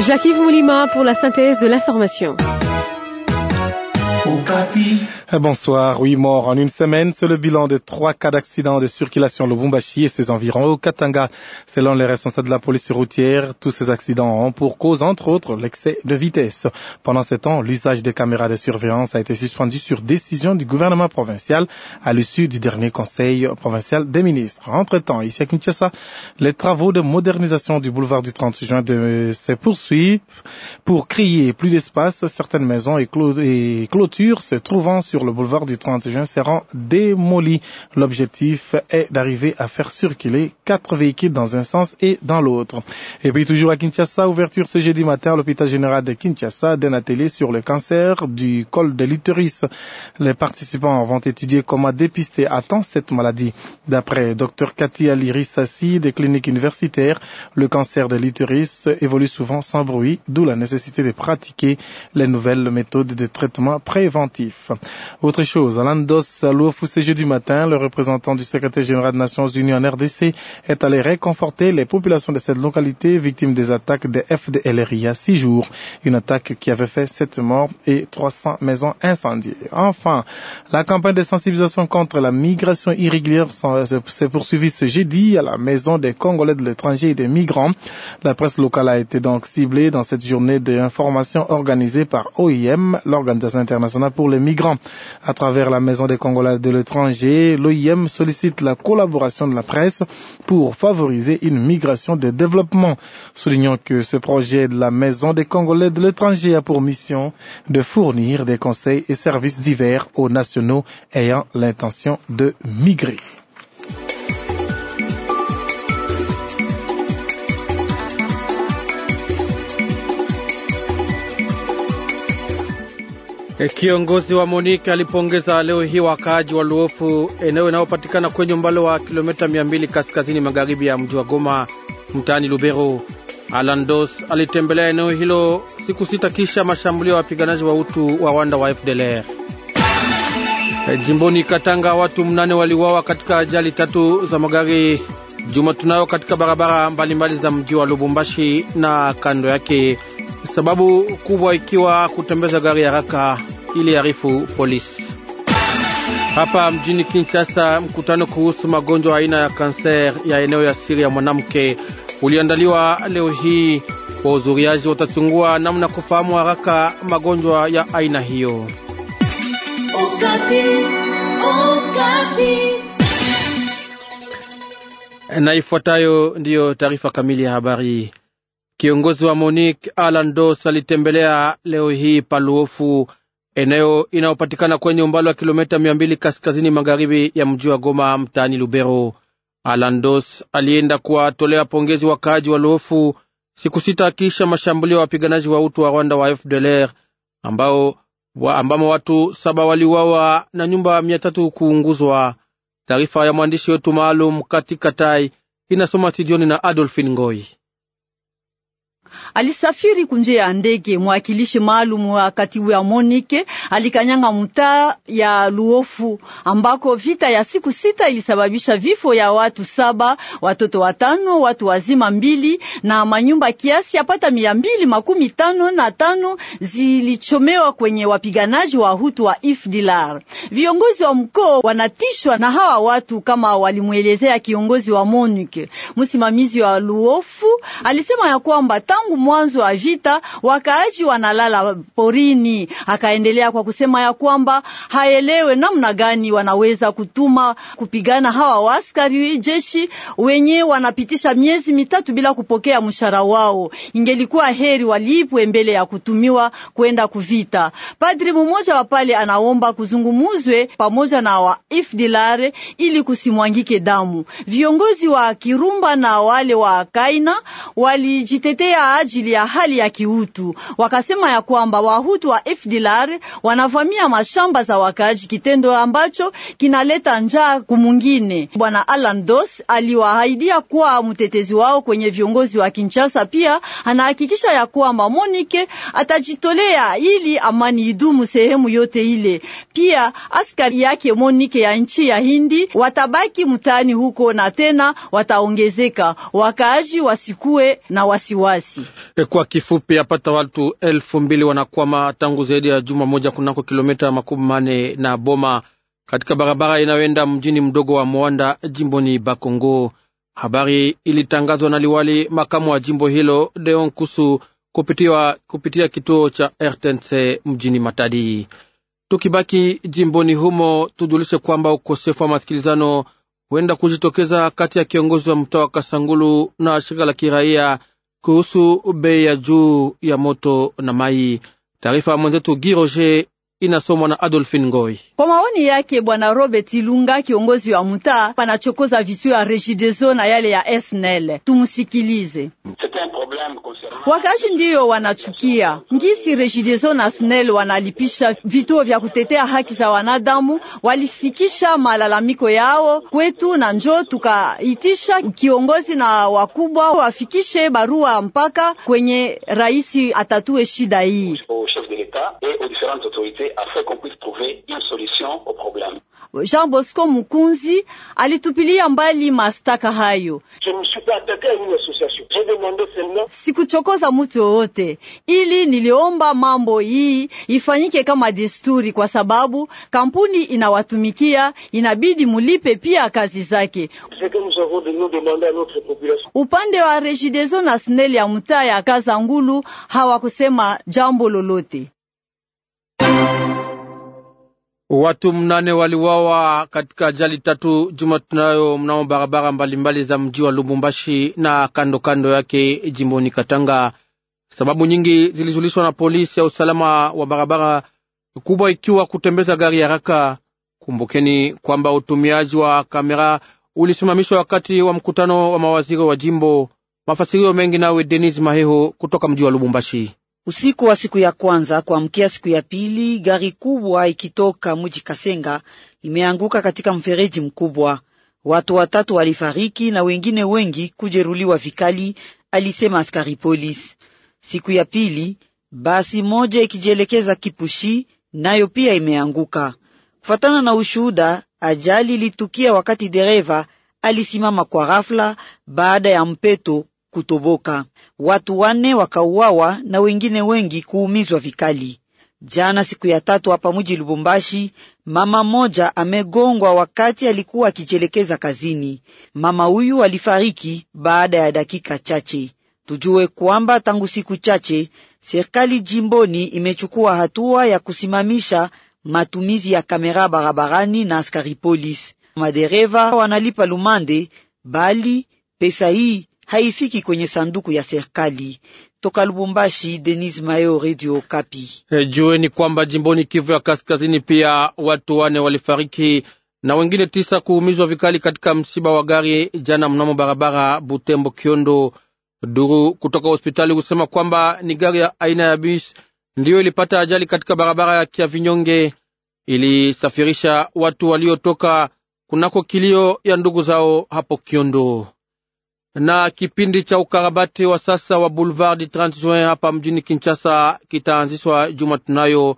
Jacques Yves Moulima pour la synthèse de l'information. Bonsoir. Oui, mort en une semaine. C'est le bilan de trois cas d'accident de circulation Lubumbashi et ses environs au Katanga. Selon les responsables de la police routière, tous ces accidents ont pour cause, entre autres, l'excès de vitesse. Pendant ce temps, l'usage des caméras de surveillance a été suspendu sur décision du gouvernement provincial à l'issue du dernier conseil provincial des ministres. Entre-temps, ici à Kinshasa, les travaux de modernisation du boulevard du 30 juin de... se poursuivent pour créer plus d'espace. Certaines maisons et clôtures se trouvant sur le boulevard du 30 juin seront démoli. L'objectif est d'arriver à faire circuler quatre véhicules dans un sens et dans l'autre. Et puis toujours à Kinshasa, ouverture ce jeudi matin à l'hôpital général de Kinshasa d'un atelier sur le cancer du col de l'utérus. Les participants vont étudier comment dépister à temps cette maladie. D'après Dr Cathy Aliri des cliniques universitaires, le cancer de l'utérus évolue souvent sans bruit, d'où la nécessité de pratiquer les nouvelles méthodes de traitement préventif. Autre chose, à Landos, à ce jeudi matin, le représentant du secrétaire général des Nations Unies en RDC est allé réconforter les populations de cette localité victimes des attaques des FDLR il y a six jours. Une attaque qui avait fait sept morts et 300 maisons incendiées. Enfin, la campagne de sensibilisation contre la migration irrégulière s'est poursuivie ce jeudi à la maison des Congolais de l'étranger et des migrants. La presse locale a été donc ciblée dans cette journée d'information organisée par OIM, l'Organisation internationale pour les migrants. À travers la Maison des Congolais de l'étranger, l'OIM sollicite la collaboration de la presse pour favoriser une migration de développement. soulignant que ce projet de la Maison des Congolais de l'étranger a pour mission de fournir des conseils et services divers aux nationaux ayant l'intention de migrer. Kiongozi wa Monike alipongeza leo hii wakaaji wa Luofu, eneo inayopatikana kwenye umbali wa kilomita 200 kaskazini magharibi ya mji wa Goma, mtaani Lubero. Alandos alitembelea eneo hilo siku sita kisha mashambulio ya wapiganaji wa utu wa Wanda wa FDLR. Jimboni Katanga, watu mnane waliuawa katika ajali tatu za magari juma tunayo katika barabara mbalimbali za mji wa Lubumbashi na kando yake, sababu kubwa ikiwa kutembeza gari haraka iliarifu polisi. Hapa mjini Kinshasa, mkutano kuhusu magonjwa aina ya kanser ya eneo ya siri ya mwanamke uliandaliwa leo hii. Wahudhuriaji watachungua namna kufahamu haraka magonjwa ya aina hiyo. Na ifuatayo ndiyo taarifa kamili ya habari. Kiongozi wa Monique Alan Dos alitembelea leo hii Paluofu eneo inayopatikana kwenye umbali wa kilomita mia mbili kaskazini magharibi ya mji wa Goma mtaani Lubero. Alandos alienda kuwatolea pongezi wakaaji wa Luofu siku sita kisha mashambulio ya wapiganaji wa utu wa Rwanda wa FDLR ambao wa ambamo watu saba waliuawa na nyumba mia tatu kuunguzwa. Taarifa ya mwandishi wetu maalum katika Tai inasoma Tidioni na Adolfin Ngoi alisafiri kunjia ya ndege. Mwakilishi maalum wa katibu ya Monike alikanyanga mtaa ya Luofu ambako vita ya siku sita ilisababisha vifo ya watu saba, watoto watano, watu wazima mbili na manyumba kiasi yapata mia mbili makumi tano na tano zilichomewa kwenye wapiganaji wa Hutu wa Ifdilar. Viongozi wa mkoa wanatishwa na hawa watu kama walimwelezea kiongozi wa Monike. Msimamizi wa Luofu alisema ya kwamba tangu mwanzo wa vita wakaaji wanalala porini. Akaendelea kwa kusema ya kwamba haelewe namna gani wanaweza kutuma kupigana hawa waaskari jeshi wenye wanapitisha miezi mitatu bila kupokea mshahara wao. Ingelikuwa heri walipwe mbele ya kutumiwa kwenda kuvita. Padri mmoja wa pale anaomba kuzungumuzwe pamoja na wa ifdilare ili kusimwangike damu. Viongozi wa Kirumba na wale wa Kaina walijitetea ajili ya hali ya kiutu. Wakasema ya kwamba wahutu wa FDLR wanavamia mashamba za wakaaji, kitendo ambacho kinaleta njaa kumungine. Bwana Alan Dos aliwaahidia kuwa mtetezi wao kwenye viongozi wa Kinshasa. Pia anahakikisha ya kwamba Monike atajitolea ili amani idumu sehemu yote ile. Pia askari yake Monike ya nchi ya Hindi watabaki mtaani huko na tena wataongezeka, wakaaji wasikue na wasiwasi. Eh, kwa kifupi, apata watu elfu mbili wanakwama tangu zaidi ya juma moja kunako kilomita makumi mane na Boma, katika barabara inayoenda mjini mdogo wa mwanda jimboni Bakongo. Habari ilitangazwa na liwali makamu wa jimbo hilo Deon Kusu kupitia, kupitia kituo cha RTNC mjini Matadi. Tukibaki jimboni humo, tujulishe kwamba ukosefu wa masikilizano huenda kujitokeza kati ya kiongozi wa mtaa wa Kasangulu na shirika la kiraia kuhusu bei ya juu ya moto na mai. Taarifa ya mwenzetu Giroje inasomwa na Adolfin Ngoi. Kwa maoni yake bwana Robert Ilunga, kiongozi wa mtaa, panachokoza vitu ya Regideso na yale ya SNL. Tumusikilize. Wakazi ndiyo wanachukia ngisi Regideso na SNL wanalipisha vituo vya kutetea haki za wanadamu, walifikisha malalamiko yao kwetu, na njo tukaitisha kiongozi na wakubwa wafikishe barua mpaka kwenye rais atatue shida hii l'État et aux différentes autorités afin qu'on puisse trouver une solution au problème. Jean Bosco Mukunzi alitupilia mbali mashtaka hayo. Je ne suis pas attaqué à une association. J'ai demandé seulement. Sikuchokoza mtu yoyote, ili niliomba mambo hii ifanyike kama desturi, kwa sababu kampuni inawatumikia, inabidi mulipe pia kazi zake. Upande wa Regideso na Snel ya mtaa ya Kazangulu hawakusema jambo lolote. Watu mnane waliwawa katika ajali tatu juma tunayo mnamo barabara mbalimbali za mji wa Lubumbashi na kando kando yake jimboni Katanga. Sababu nyingi zilijulishwa na polisi ya usalama wa barabara kubwa, ikiwa kutembeza gari haraka. Kumbukeni kwamba utumiaji wa kamera ulisimamishwa wakati wa mkutano wa mawaziri wa jimbo. Mafasirio mengi nawe Denis Maheho kutoka mji wa Lubumbashi. Usiku wa siku ya kwanza kuamkia siku ya pili, gari kubwa ikitoka mji Kasenga imeanguka katika mfereji mkubwa. Watu watatu walifariki na wengine wengi kujeruliwa vikali, alisema askari polisi. Siku ya pili, basi moja ikijielekeza Kipushi nayo pia imeanguka. Kufatana na ushuhuda, ajali ilitukia wakati dereva alisimama kwa ghafla baada ya mpeto kutoboka. Watu wane wakauawa na wengine wengi kuumizwa vikali. Jana siku ya tatu hapa mji Lubumbashi, mama mmoja amegongwa wakati alikuwa akijielekeza kazini. Mama huyu alifariki baada ya dakika chache. Tujue kwamba tangu siku chache serikali jimboni imechukua hatua ya kusimamisha matumizi ya kamera barabarani na askari polisi. Madereva wanalipa lumande, bali pesa hii haifiki kwenye sanduku ya serikali. Toka Lubumbashi, Denis Mayo, Radio Kapi. Hey, eh, jueni kwamba jimboni Kivu ya Kaskazini pia watu wane walifariki na wengine tisa kuumizwa vikali katika msiba wa gari jana mnamo barabara Butembo Kiondo. Duru kutoka hospitali husema kwamba ni gari ya aina ya bis ndiyo ilipata ajali katika barabara ya Kiavinyonge, ilisafirisha watu waliotoka kunako kilio ya ndugu zao hapo Kiondo na kipindi cha ukarabati wa sasa wa Boulevard du 30 Juin hapa mjini Kinshasa kitaanzishwa juma tunayo,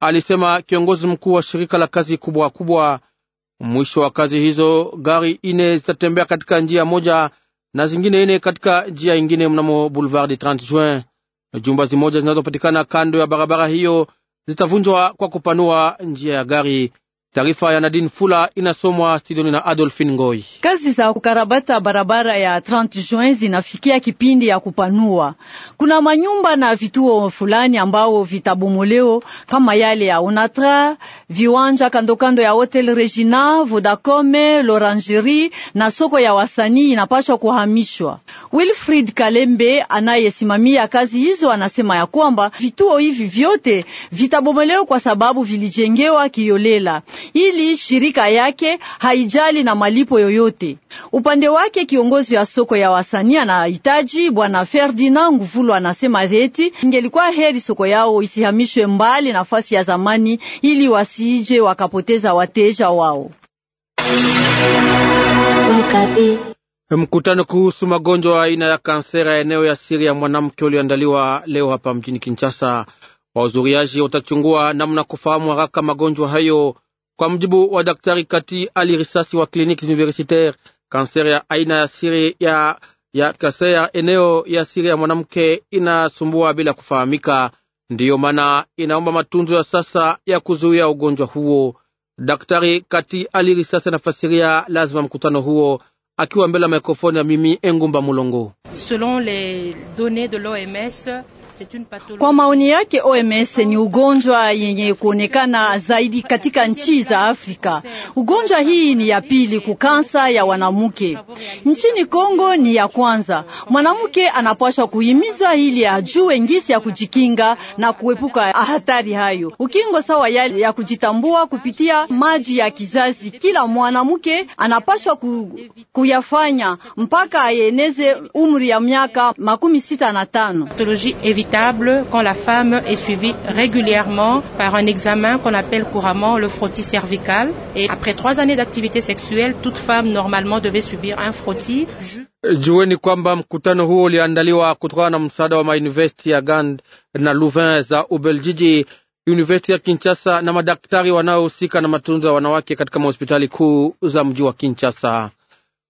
alisema kiongozi mkuu wa shirika la kazi kubwa kubwa. Mwisho wa kazi hizo gari ine zitatembea katika njia moja na zingine ine katika njia ingine mnamo Boulevard du 30 Juin. Jumba zimoja zinazopatikana kando ya barabara hiyo zitavunjwa kwa kupanua njia ya gari. Taarifa ya Nadine Fula inasomwa studioni na Adolphine Ngoi. Kazi za kukarabata barabara ya 30 Juin zinafikia kipindi ya kupanua. Kuna manyumba na vituo fulani ambao vitabomoleo kama yale ya Onatra, viwanja kandokando ya Hotel Regina, Vodacome, L'Orangerie na soko ya wasanii inapaswa kuhamishwa. Wilfried Kalembe anayesimamia kazi hizo anasema ya kwamba vituo hivi vyote vitabomoleo kwa sababu vilijengewa kiolela ili shirika yake haijali na malipo yoyote. Upande wake kiongozi wa soko ya wasanii anahitaji bwana Ferdinand Nguvulu anasema eti ingelikuwa heri soko yao isihamishwe mbali nafasi ya zamani, ili wasije wakapoteza wateja wao. Mkutano kuhusu magonjwa aina ya kansera ya eneo ya siri ya mwanamke ulioandaliwa leo hapa mjini Kinshasa. Wahudhuriaji watachungua namna kufahamu haraka magonjwa hayo kwa mjibu wa daktari Kati Ali Risasi wa kliniki universitaire, kanseri ya aina ya siri ya, ya kanseri ya eneo ya siri ya mwanamke inasumbua bila kufahamika, ndiyo maana inaomba matunzo ya sasa ya kuzuia ugonjwa huo. Daktari Kati Ali Risasi anafasiria lazima mkutano huo akiwa mbele ya mikrofoni ya mimi Engumba Mulongo. Selon les données de l'OMS kwa maoni yake, OMS ni ugonjwa yenye kuonekana zaidi katika nchi za Afrika. Ugonjwa hii ni ya pili kukansa ya wanamke nchini Kongo, ni ya kwanza. Mwanamke anapaswa kuhimiza ili ajue ngisi ya kujikinga na kuepuka hatari hayo. Ukingo sawa yale ya kujitambua kupitia maji ya kizazi, kila mwanamke anapaswa ku, kuyafanya mpaka aeneze umri ya miaka makumi sita na tano. quand la femme est suivie régulièrement par un examen qu'on appelle couramment le frottis cervical. Et après trois années d'activité sexuelle, toute femme normalement devait subir un frottis. Jueni kwamba mkutano huo uliandaliwa kutokana na msaada wa mauniversiti ya Gand na Louvain za Ubeljiji, universiti ya Kinshasa na madaktari wanaohusika na matunzo ya wanawake katika mahospitali kuu za mji wa Kinshasa.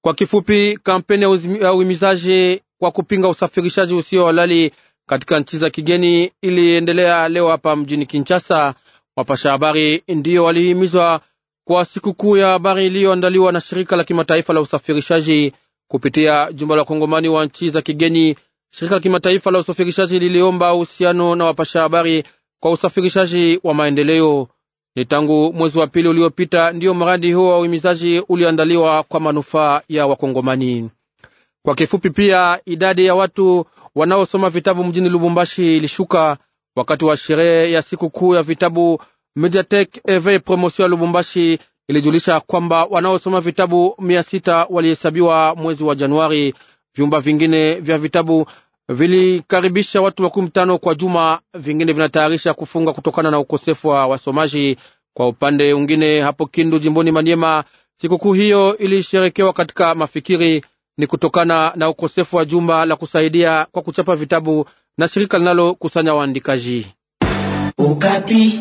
Kwa kifupi, kampeni ya uhimizaji kwa kupinga usafirishaji usio halali katika nchi za kigeni iliendelea leo hapa mjini Kinshasa. Wapasha habari ndiyo walihimizwa kwa sikukuu ya habari iliyoandaliwa na shirika la kimataifa la usafirishaji kupitia jumba la wakongomani wa nchi za kigeni. Shirika la kimataifa la usafirishaji liliomba uhusiano na wapasha habari kwa usafirishaji wa maendeleo. Ni tangu mwezi wa pili uliopita ndiyo mradi huo wa uhimizaji uliandaliwa kwa manufaa ya Wakongomani. Kwa kifupi, pia idadi ya watu wanaosoma vitabu mjini Lubumbashi ilishuka wakati wa sherehe ya siku kuu ya vitabu. Mediatek EV Promotion ya Lubumbashi ilijulisha kwamba wanaosoma vitabu mia sita walihesabiwa mwezi wa Januari. Vyumba vingine vya vitabu vilikaribisha watu makumi tano kwa juma, vingine vinatayarisha kufunga kutokana na ukosefu wa wasomaji. Kwa upande mwingine, hapo Kindu jimboni Maniema, sikukuu hiyo ilisherekewa katika mafikiri ni kutokana na ukosefu wa jumba la kusaidia kwa kuchapa vitabu na shirika linalokusanya waandikaji Ukapi.